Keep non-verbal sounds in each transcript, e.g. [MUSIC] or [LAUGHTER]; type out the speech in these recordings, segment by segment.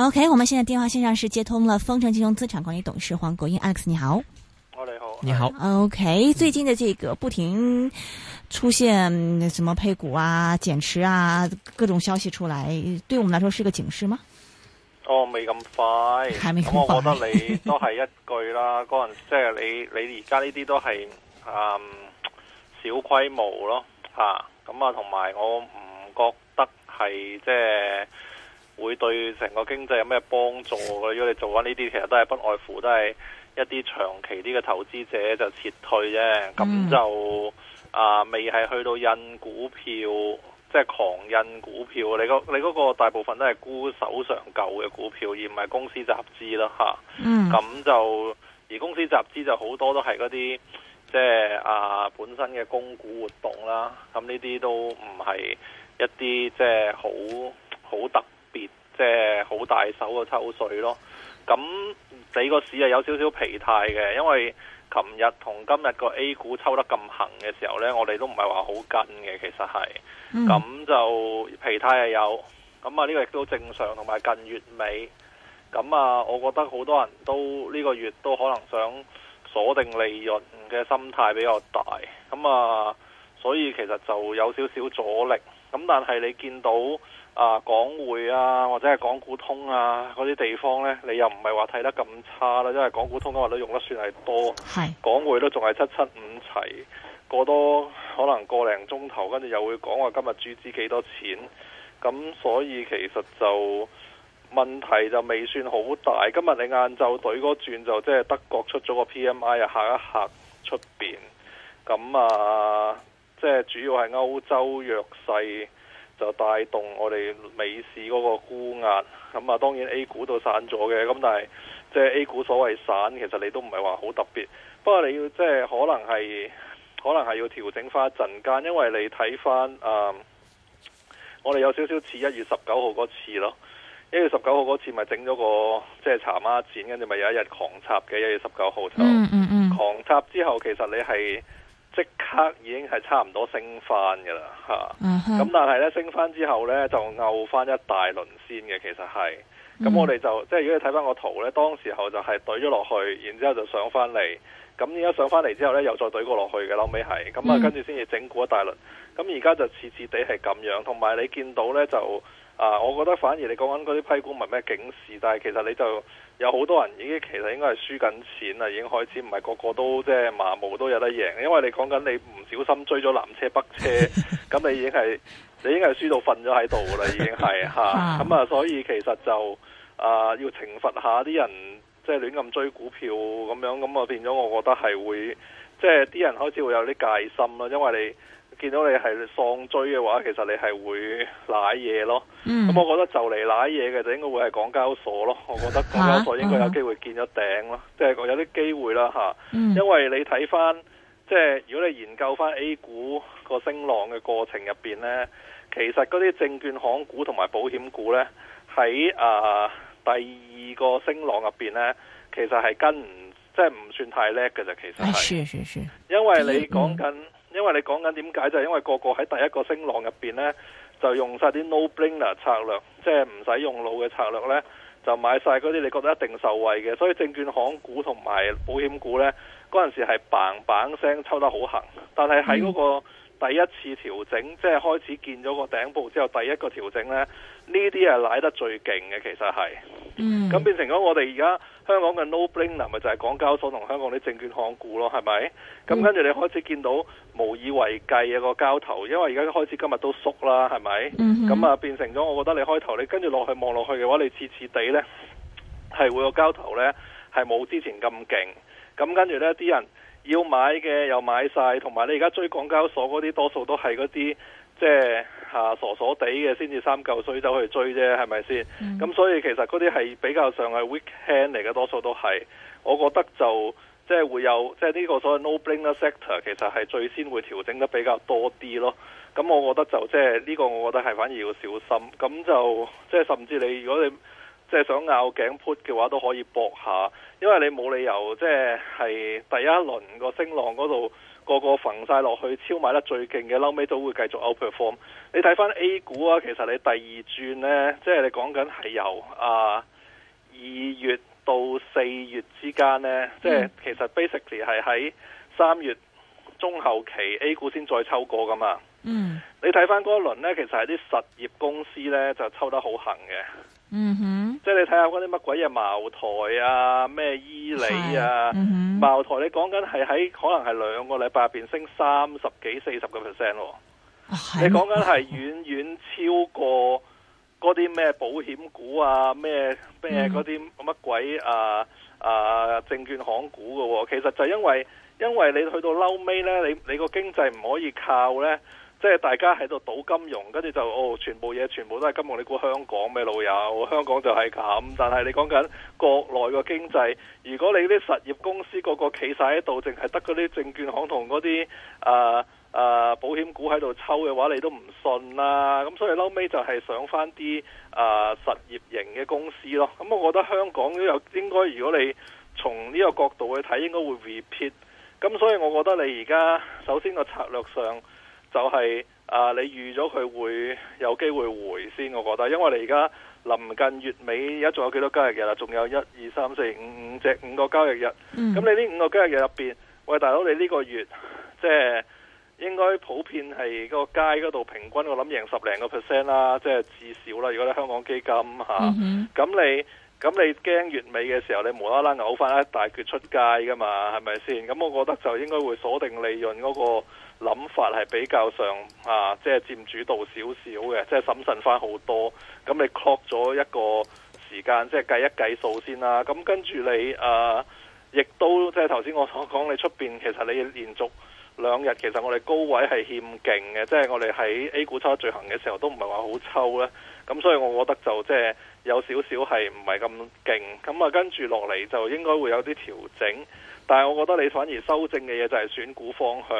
O.K.，我們現在電話線上是接通了豐盛金融資產管理董事黃國英 Alex，你好。我你好。你好。O.K. 最近的這個不停出現什麼配股啊、減持啊各種消息出來，對我們來說是個警示嗎？哦，未咁快。係未咁快、嗯。我覺得你都係一句啦，嗰人 [LAUGHS] 即係你你而家呢啲都係嗯小規模咯，吓咁啊，同埋我唔覺得係即係。會對成個經濟有咩幫助？如果你做緊呢啲，其實都係不外乎都係一啲長期啲嘅投資者就撤退啫。咁、嗯、就啊，未係去到印股票，即、就、係、是、狂印股票。你個你嗰個大部分都係沽手上舊嘅股票，而唔係公司集資啦，嚇、啊。咁、嗯、就而公司集資就好多都係嗰啲即係啊本身嘅供股活動啦。咁呢啲都唔係一啲即係好好特。即係好大手嘅抽水咯，咁你個市係有少少疲態嘅，因為琴日同今日個 A 股抽得咁行嘅時候呢，我哋都唔係話好跟嘅，其實係，咁就疲態係有，咁啊呢個亦都正常，同埋近月尾，咁啊，我覺得好多人都呢、呢個月都可能想鎖定利潤嘅心態比較大，咁啊，所以其實就有少少阻力。咁但係你見到啊港匯啊或者係港股通啊嗰啲地方呢，你又唔係話睇得咁差啦，因為港股通話都用得算係多，是港匯都仲係七七五齊過多，可能個零鐘頭跟住又會講話今日注資幾多錢，咁所以其實就問題就未算好大。今日你晏晝隊嗰轉就即係德國出咗個 PMI 啊，下一刻出邊咁啊～即係主要係歐洲弱勢就帶動我哋美市嗰個沽壓，咁啊當然 A 股都散咗嘅，咁但係即係 A 股所謂散，其實你都唔係話好特別。不過你要即係可能係可能係要調整翻一陣間，因為你睇翻啊，我哋有少少似一月十九號嗰次咯。一月十九號嗰次咪整咗個即係查媽展。跟住咪有一日狂插嘅。一月十九號就、嗯嗯嗯、狂插之後，其實你係。即刻已經係差唔多升翻㗎喇，嚇、uh！咁、huh. 但係呢，升翻之後呢，就拗翻一大輪先嘅，其實係。咁我哋就即係、mm hmm. 如果你睇翻個圖呢，當時候就係對咗落去，然之後就上返嚟。咁而家上返嚟之後呢，後又再對過落去嘅，後尾係。咁啊、mm hmm. 跟住先至整固一大輪。咁而家就次次地係咁樣，同埋你見到呢就。啊，uh，我覺得反而你講緊嗰啲批股唔係咩警示，但係其實你就有好多人已經其實應該係輸緊錢啦，已經開始，唔係個個都即係麻木都有得贏，因為你講緊你唔小心追咗南車北車，咁 [LAUGHS] 你已經係你已經係輸到瞓咗喺度啦，已經係嚇。咁啊， [LAUGHS] 啊，所以其實就啊，要懲罰下啲人，即係亂咁追股票咁樣，咁啊變咗，我覺得係會即係啲人開始會有啲戒心啦，因為你。見到你係喪追嘅話，其實你係會舐嘢咯。咁、嗯嗯、我覺得就嚟舐嘢嘅就應該會係港交所咯。我覺得港交所應該有機會見咗頂咯，啊嗯、即係有啲機會啦吓、啊。因為你睇翻即係如果你研究翻 A 股個升浪嘅過程入邊呢，其實嗰啲證券行股同埋保險股呢，喺啊、呃、第二個升浪入邊呢，其實係跟唔即係唔算太叻嘅啫。其實係，係、哎，因為你講緊。嗯喻喻喻喻因為你講緊點解，就係因為個個喺第一個升浪入邊呢，就用晒啲 no brainer 策略，即係唔使用腦嘅策略呢，就買晒嗰啲你覺得一定受惠嘅，所以證券行股同埋保險股呢，嗰陣時係砰砰聲抽得好行，但係喺嗰個。嗯第一次調整，即係開始見咗個頂部之後，第一個調整呢，呢啲係拉得最勁嘅，其實係。咁、mm hmm. 變成咗我哋而家香港嘅 no-brainer 咪就係港交所同香港啲證券行股咯，係咪？咁跟住你開始見到無以為繼嘅個交投，因為而家開始今日都縮啦，係咪？咁啊、mm，hmm. 變成咗我覺得你開頭你跟住落去望落去嘅話，你次次地呢係會個交投呢，係冇之前咁勁。咁跟住呢啲人。要買嘅又買晒，同埋你而家追港交所嗰啲，多數都係嗰啲即係傻傻地嘅，先至三嚿水走去追啫，係咪先？咁、嗯、所以其實嗰啲係比較上係 weak hand 嚟嘅，多數都係。我覺得就即係、就是、會有即係呢個所謂 no brainer 嘅 sector，其實係最先會調整得比較多啲咯。咁我覺得就即係呢個，我覺得係反而要小心。咁就即係、就是、甚至你如果你即係、就是、想拗頸 put 嘅話，都可以搏下。因為你冇理由即係第一輪個升浪嗰度個個焚晒落去超買得最勁嘅，後尾都會繼續 outperform。你睇翻 A 股啊，其實你第二轉呢，即係你講緊係由啊二月到四月之間呢，mm. 即係其實 basically 係喺三月中後期 A 股先再抽過㗎嘛。嗯，mm. 你睇翻嗰一輪呢，其實係啲實業公司呢，就抽得好行嘅。嗯哼，即係你睇下，嗰啲乜鬼嘢茅台啊，咩伊利啊，嗯、茅台你講緊係喺可能係兩個禮拜入邊升三十幾四十個 percent 咯，啊、的你講緊係遠遠超過嗰啲咩保險股啊，咩咩嗰啲乜鬼啊啊證券行股噶、啊，其實就因為因為你去到嬲尾咧，你你個經濟唔可以靠咧。即係大家喺度賭金融，跟住就哦，全部嘢全部都係金融。你估香港咩老友，香港就係咁。但係你講緊國內個經濟，如果你啲實業公司個個企晒喺度，淨係得嗰啲證券行同嗰啲誒誒保險股喺度抽嘅話，你都唔信啦。咁所以撈尾就係上翻啲誒實業型嘅公司咯。咁我覺得香港都有應該，如果你從呢個角度去睇，應該會 repeat。咁所以我覺得你而家首先個策略，上就係、是、啊！你預咗佢會有機會回先，我覺得，因為你而家臨近月尾，而家仲有幾多交易日啦？仲有一二三四五五隻五個交易日。咁、嗯、你呢五個交易日入邊，喂，大佬，你呢個月即係、就是、應該普遍係個街嗰度平均，我諗贏十零個 percent 啦，即、就、係、是、至少啦。如果你香港基金吓咁、啊嗯、哼你。咁你驚月尾嘅時候，你無啦啦嘔翻一大撅出街㗎嘛？係咪先？咁我覺得就應該會鎖定利潤嗰個諗法係比較上啊，即係佔主導少少嘅，即係審慎翻好多。咁你確咗一個時間，即係計一計數先啦。咁跟住你啊，亦都即係頭先我所講，你出邊其實你連續兩日，其實我哋高位係欠勁嘅，即係我哋喺 A 股初進行嘅時候都唔係話好抽咧。咁所以，我覺得就即係有少少係唔係咁勁，咁啊跟住落嚟就應該會有啲調整。但係我覺得你反而修正嘅嘢就係選股方向。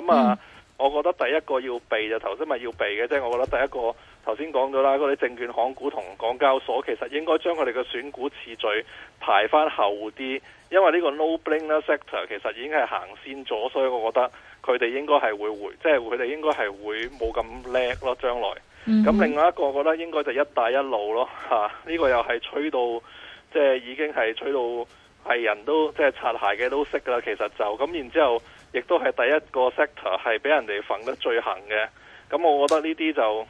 咁啊，嗯、我覺得第一個要避就頭先咪要避嘅啫。我覺得第一個頭先講咗啦，嗰啲證券行股同港交所其實應該將佢哋嘅選股次序排翻後啲，因為呢個 no-brainer sector 其實已經係行先咗，所以我覺得佢哋應該係會回，即係佢哋應該係會冇咁叻咯，將來。咁、mm hmm. 另外一個，我覺得應該就係一帶一路咯嚇，呢、啊這個又係吹到，即係已經係吹到係人都即係擦鞋嘅都識噶啦。其實就咁然之後，亦都係第一個 sector 係俾人哋揈得最行嘅。咁、嗯、我覺得呢啲就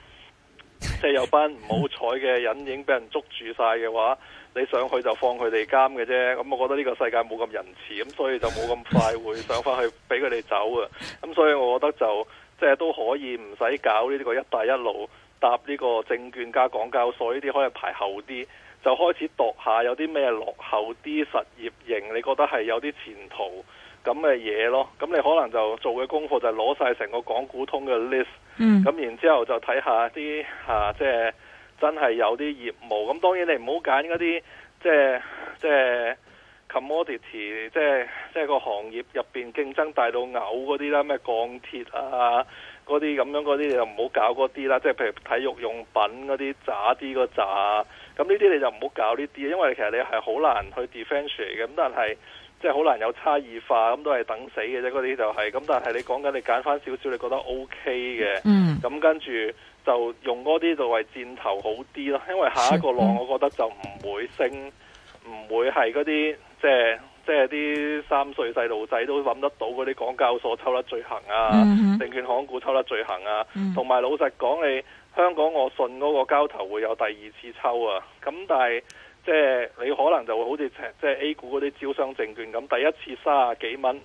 即係有班唔好彩嘅隱影，俾人捉住晒嘅話，你上去就放佢哋監嘅啫。咁、嗯、我覺得呢個世界冇咁仁慈，咁、嗯、所以就冇咁快會上翻去俾佢哋走啊。咁、嗯、所以我覺得就即係都可以唔使搞呢個一帶一路。搭呢個證券加港交所呢啲可以排後啲，就開始度下有啲咩落後啲實業型，你覺得係有啲前途咁嘅嘢咯。咁你可能就做嘅功課就係攞晒成個港股通嘅 list，咁、嗯、然之後就睇下啲嚇即係真係有啲業務。咁當然你唔好揀嗰啲即係即係 commodity，即係即係個行業入邊競爭大到嘔嗰啲啦，咩鋼鐵啊。嗰啲咁樣嗰啲你就唔好搞嗰啲啦，即係譬如體育用品嗰啲渣啲嗰渣，咁呢啲你就唔好搞呢啲，因為其實你係好難去 differentiate 嘅，咁但係即係好難有差異化，咁都係等死嘅啫。嗰啲就係、是，咁但係你講緊你揀翻少少，你覺得 OK 嘅，咁跟住就用嗰啲就係箭頭好啲咯，因為下一個浪我覺得就唔會升，唔會係嗰啲即係。就是即係啲三歲細路仔都諗得到嗰啲，港交所抽得最行啊，mm hmm. 證券行股抽得最行啊，同埋、mm hmm. 老實講，你香港我信嗰個交投會有第二次抽啊。咁但係即係你可能就會好似即係 A 股嗰啲招商證券咁，第一次卅幾蚊，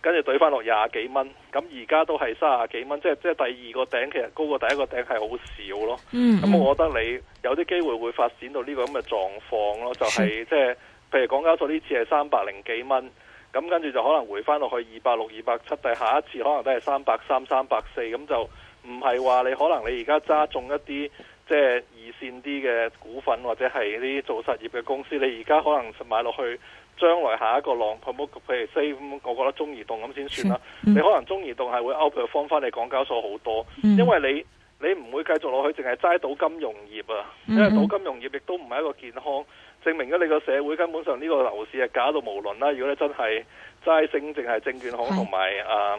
跟住對翻落廿幾蚊，咁而家都係卅幾蚊，即係即係第二個頂其實高過第一個頂係好少咯。咁、mm hmm. 我覺得你有啲機會會發展到呢個咁嘅狀況咯，就係、是 mm hmm. 就係、即係。譬如港交所呢次係三百零幾蚊，咁跟住就可能回翻落去二百六、二百七，但下一次可能都係三百三、三百四，咁就唔係話你可能你而家揸中一啲即係二線啲嘅股份或者係啲做實業嘅公司，你而家可能買落去，將來下一個浪可好？Term, 譬如四，我覺得中移動咁先算啦。你可能中移動係會 out 方翻你港交所好多，因為你你唔會繼續落去，淨係齋倒金融業啊，因為倒金融業亦都唔係一個健康。證明咗你個社會根本上呢個牛市係假到無倫啦！如果你真係齋升，淨係是證券行同埋啊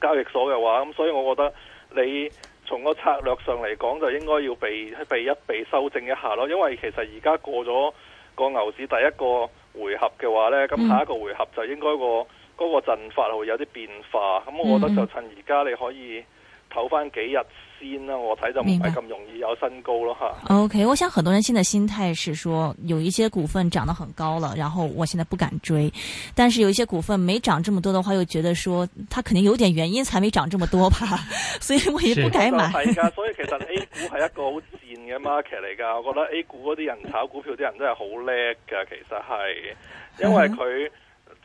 交易所嘅話，咁所以我覺得你從個策略上嚟講，就應該要被被一被修正一下咯。因為其實而家過咗個牛市第一個回合嘅話呢，咁下一個回合就應該個嗰、mm. 個陣法會有啲變化。咁我覺得就趁而家你可以唞翻幾日。先啦，我睇就唔係咁容易有新高咯吓。OK，我想很多人現在心態是說，有一些股份漲得很高了，然後我現在不敢追，但是有一些股份沒漲這麼多的話，又覺得說，它肯定有點原因才沒漲這麼多吧， [LAUGHS] 所以我也不敢買。是 [LAUGHS] 所以其實 A 股係一個好賤嘅 market 嚟噶，我覺得 A 股嗰啲人炒股票啲人都係好叻噶，其實係，因為佢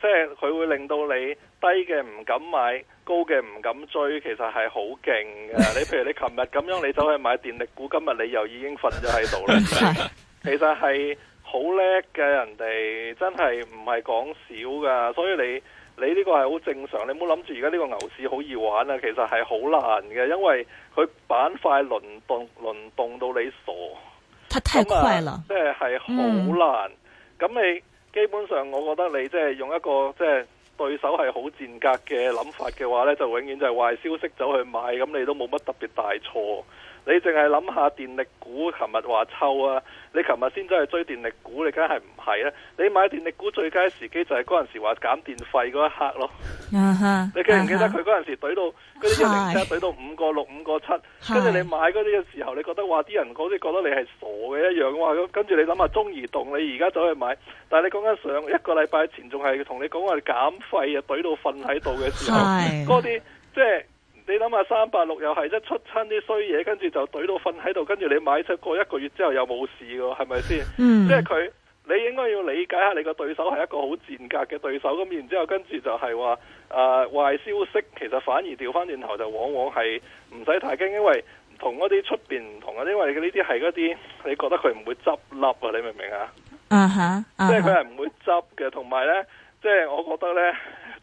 [LAUGHS] 即係佢會令到你。低嘅唔敢買，高嘅唔敢追，其實係好勁嘅。 [LAUGHS] 你譬如你琴日咁樣你走去買電力股，今日你又已經瞓咗喺度啦。 [LAUGHS] 其實係好叻嘅人哋，真係唔係講少㗎。所以你你呢個係好正常。你唔好諗住而家呢個牛市好易玩啊！其實係好難嘅，因為佢板塊輪動輪動到你傻，太快啦，咁啊，即係係好難。咁、嗯、你基本上，我覺得你即係用一個即係。對手係好賤格嘅諗法嘅話，咧，就永遠就係壞消息走去買。咁你都冇乜特別大錯。你淨係諗下電力股，琴日話抽啊！你琴日先真係追電力股，你梗係唔係啊？你買電力股最佳時機就係嗰陣時話減電費嗰一刻咯。Uh huh, uh huh. 你記唔記得佢嗰陣時懟到嗰啲一零七，懟到五個六、五個七，跟住你買嗰啲嘅時候，你覺得話啲人嗰啲覺得你係傻嘅一樣嘅話，跟住你諗下中移動，你而家走去買，但係你講緊上一個禮拜前仲係同你講話減費啊，懟到瞓喺度嘅時候，嗰啲是即係。你諗下三八六又係一出親啲衰嘢，跟住就懟到瞓喺度，跟住你買出過一個月之後又冇事喎，係咪先？嗯、mm.，即係佢你應該要理解下你個對手係一個好賤格嘅對手，咁然之後跟住就係話誒壞消息，其實反而掉翻轉頭就往往係唔使太驚，因為同嗰啲出邊唔同啊，因為呢啲係嗰啲你覺得佢唔會執笠啊，你明唔明啊？嗯哼、uh，huh. uh huh. 即係佢係唔會執嘅，同埋呢。即係我覺得呢，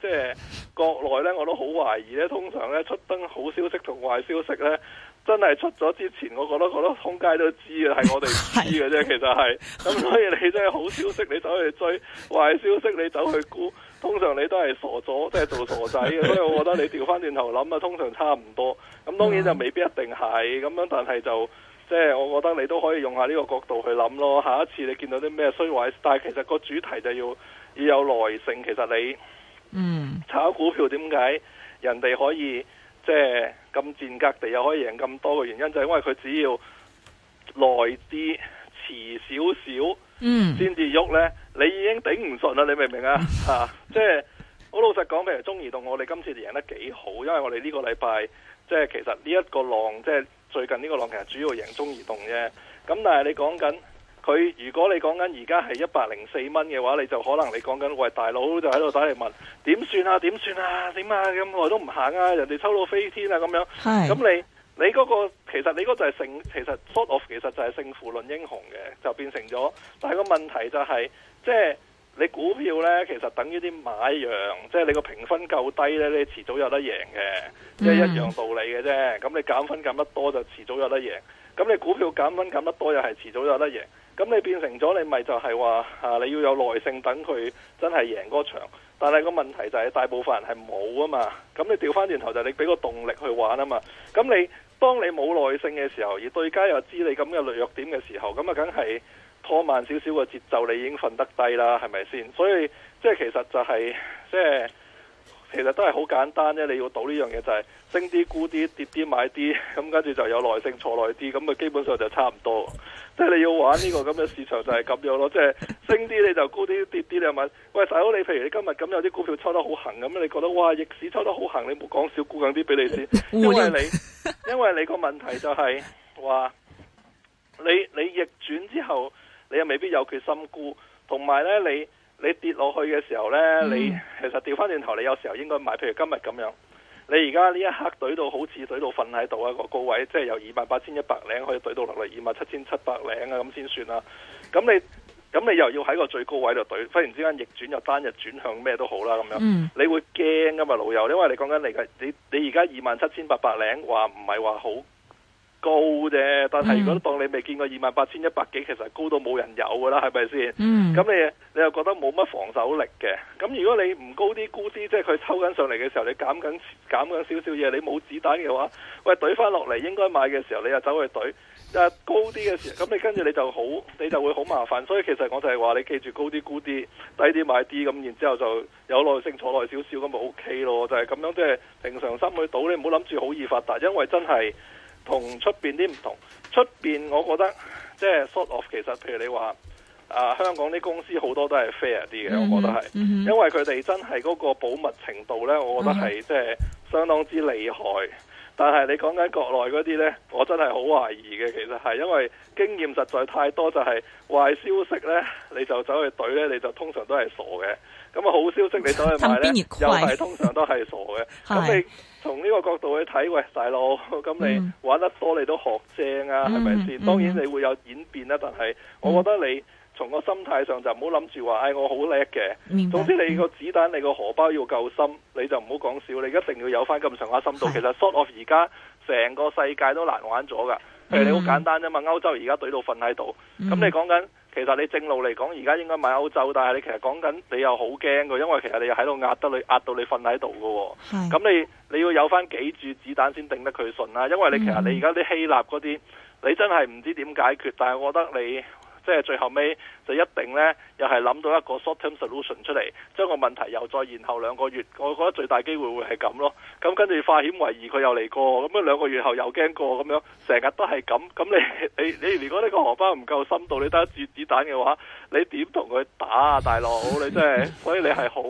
即係國內呢，我都好懷疑呢。通常呢，出登好消息同壞消息呢，真係出咗之前，我覺得覺得通街都知嘅，係我哋知嘅啫。其實係咁， [LAUGHS] 所以你真係好消息你走去追，壞消息你走去估，通常你都係傻咗，即係做傻仔嘅。 [LAUGHS] 所以我覺得你調翻轉頭諗啊，通常差唔多。咁當然就未必一定係咁樣，但係就即係我覺得你都可以用下呢個角度去諗咯。下一次你見到啲咩衰位，但係其實個主題就要。要有耐性，其實你，嗯，炒股票點解人哋可以即係咁賤格地又可以贏咁多嘅原因，就係因為佢只要耐啲，遲少少，嗯，先至喐呢，你已經頂唔順啦，你明唔明、嗯、啊？吓，即係好老實講，譬如中移動，我哋今次贏得幾好，因為我哋呢個禮拜即係其實呢一個浪，即係最近呢個浪其實主要贏中移動啫。咁但係你講緊。佢如果你講緊而家係一百零四蚊嘅話，你就可能你講緊，喂大佬，就喺度打嚟問點算啊，點算啊，點啊？咁我都唔行啊，人哋抽到飛天啊咁樣，咁是你你嗰、嗰個其實你嗰就係勝，其實 sort of 其實就係勝負論英雄嘅，就變成咗。但係個問題就係、是，即係你股票呢，其實等於啲買羊，即係你個評分夠低呢，你遲早有得贏嘅，即係、嗯、一樣道理嘅啫。咁你減分減得多就遲早有得贏，咁你股票減分減得多又係遲早有得贏。咁你變成咗，你咪就係話嚇，你要有耐性等佢真係贏嗰場。但係個問題就係大部分人係冇啊嘛。咁你調翻轉頭就係你俾個動力去玩啊嘛。咁你當你冇耐性嘅時候，而對家又知你咁嘅弱點嘅時候，咁啊梗係拖慢少少個節奏，你已經瞓得低啦，係咪先？所以即係其實就係、是、即係其實都係好簡單啫。你要賭呢樣嘢就係升啲沽啲，跌啲買啲，咁跟住就有耐性坐耐啲，咁啊基本上就差唔多。即係 [LAUGHS] 你要玩呢，這個咁嘅市場就係咁樣咯，即、就、係、是、升啲你就沽啲，跌啲你又買。喂大佬，你譬如你今日咁有啲股票抽得好行咁，你覺得哇逆市抽得好行，你冇講少沽緊啲俾你先，因為你 [LAUGHS] 因為你個問題就係、是、話你你逆轉之後你又未必有決心沽，同埋呢，你你跌落去嘅時候呢，你其實掉翻轉頭你有時候應該買，譬如今日咁樣。你而家呢一刻懟到好似懟到瞓喺度啊！個高位即係由二萬八千一百零可以懟到落嚟二萬七千七百零啊，咁先算啦。咁你咁你又要喺個最高位度懟，忽然之間逆轉又單日轉向咩都好啦，咁樣你會驚噶嘛，老友？因為你講緊你嘅你你而家二萬七千八百零話唔係話好。高啫，但係如果當你未見過二萬八千一百幾，其實高到冇人有噶啦，係咪先？咁 [NOISE] 你你又覺得冇乜防守力嘅？咁如果你唔高啲，沽啲，即係佢抽緊上嚟嘅時候，你減緊減緊少少嘢，你冇子彈嘅話，喂，懟翻落嚟應該買嘅時候，你又走去懟，高一高啲嘅時候，咁你跟住你就好，你就會好麻煩。所以其實我就係話你記住高啲，沽啲，低啲買啲，咁然之後就有耐性坐耐少少，咁咪 O K 咯，就係、是、咁樣。即係平常心去賭，你唔好諗住好易發達，因為真係。同出面啲唔同，出面我覺得即係 sort of 其實，譬如你話啊，香港啲公司好多都係 fair 啲嘅，我覺得係，mm hmm. 因為佢哋真係嗰個保密程度呢，我覺得係、mm hmm. 即係相當之厲害。但係你講緊國內嗰啲呢，我真係好懷疑嘅。其實係因為經驗實在太多，就係、是、壞消息呢，你就走去對呢，你就通常都係傻嘅。咁啊，好消息你走去買呢， [LAUGHS] 又係通常都係傻嘅。咁 [LAUGHS] 你從呢個角度去睇，喂，大佬，咁你玩得多，你都學精啊，係咪先？當然你會有演變啦，但係我覺得你。嗯從個心態上就唔好諗住話，唉、哎，我好叻嘅。白總之你個子彈、你個荷包要夠深，你就唔好講笑。你一定要有翻咁上下深度。的其實 sort of 而家成個世界都難玩咗㗎。譬如你好簡單啫嘛，歐洲而家懟到瞓喺度。咁、嗯、你講緊，其實你正路嚟講，而家應該買歐洲。但係你其實講緊，你又好驚㗎，因為其實你又喺度壓，壓得你壓到、哦、的你瞓喺度㗎喎。咁你你要有翻幾注子彈先頂得佢順啦。因為你其實你而家啲希臘嗰啲、嗯，你真係唔知點解決。但係我覺得你。即係最後尾就一定呢，又係諗到一個 short-term solution 出嚟，將個問題又再延後兩個月。我覺得最大機會會係咁咯。咁跟住化險為夷，佢又嚟過。咁樣兩個月後又驚過咁樣，成日都係咁。咁你你你，你你你如果呢個荷包唔夠深度，你得一注子彈嘅話，你點同佢打啊？大佬，你真係，所以你係好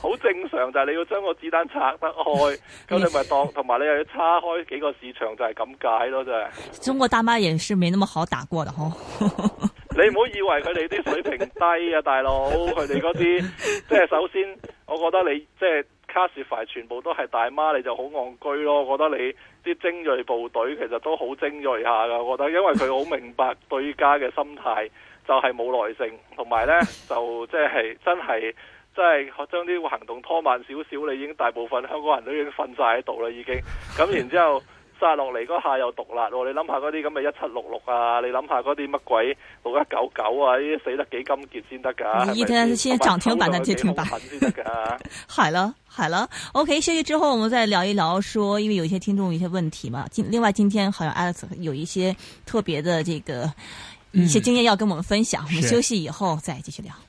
好正常，就係、是、你要將個子彈拆得開。咁你咪當同埋你又要叉開幾個市場，就係咁解咯。就係中國大媽也是沒那麼好打過的，呵呵。你唔好以為佢哋啲水平低啊，大佬！佢哋嗰啲，即係首先，我覺得你即係 classify 全部都係大媽，你就好戇居咯。我覺得你啲精銳部隊其實都好精銳下噶，我覺得因為佢好明白對家嘅心態，就係冇耐性，同埋呢，就即係真係，即係將啲行動拖慢少少，你已經大部分香港人都已經瞓晒喺度啦，已經咁，然之後。揸落嚟嗰下又毒辣喎、哦！你諗下嗰啲咁嘅一七六六啊，你諗下嗰啲乜鬼六一九九啊，呢、哎、啲死得幾金杰先得噶？依啲先漲停板，再跌停板。先 [LAUGHS] 得 [LAUGHS] 好啦，好啦，OK，休息之後我們再聊一聊說，說因為有一些聽眾有些問題嘛。今另外今天好像 Alex 有一些特別的這個一些經驗要跟我們分享，我們、嗯、休息以後再繼續聊。 [LAUGHS] [LAUGHS]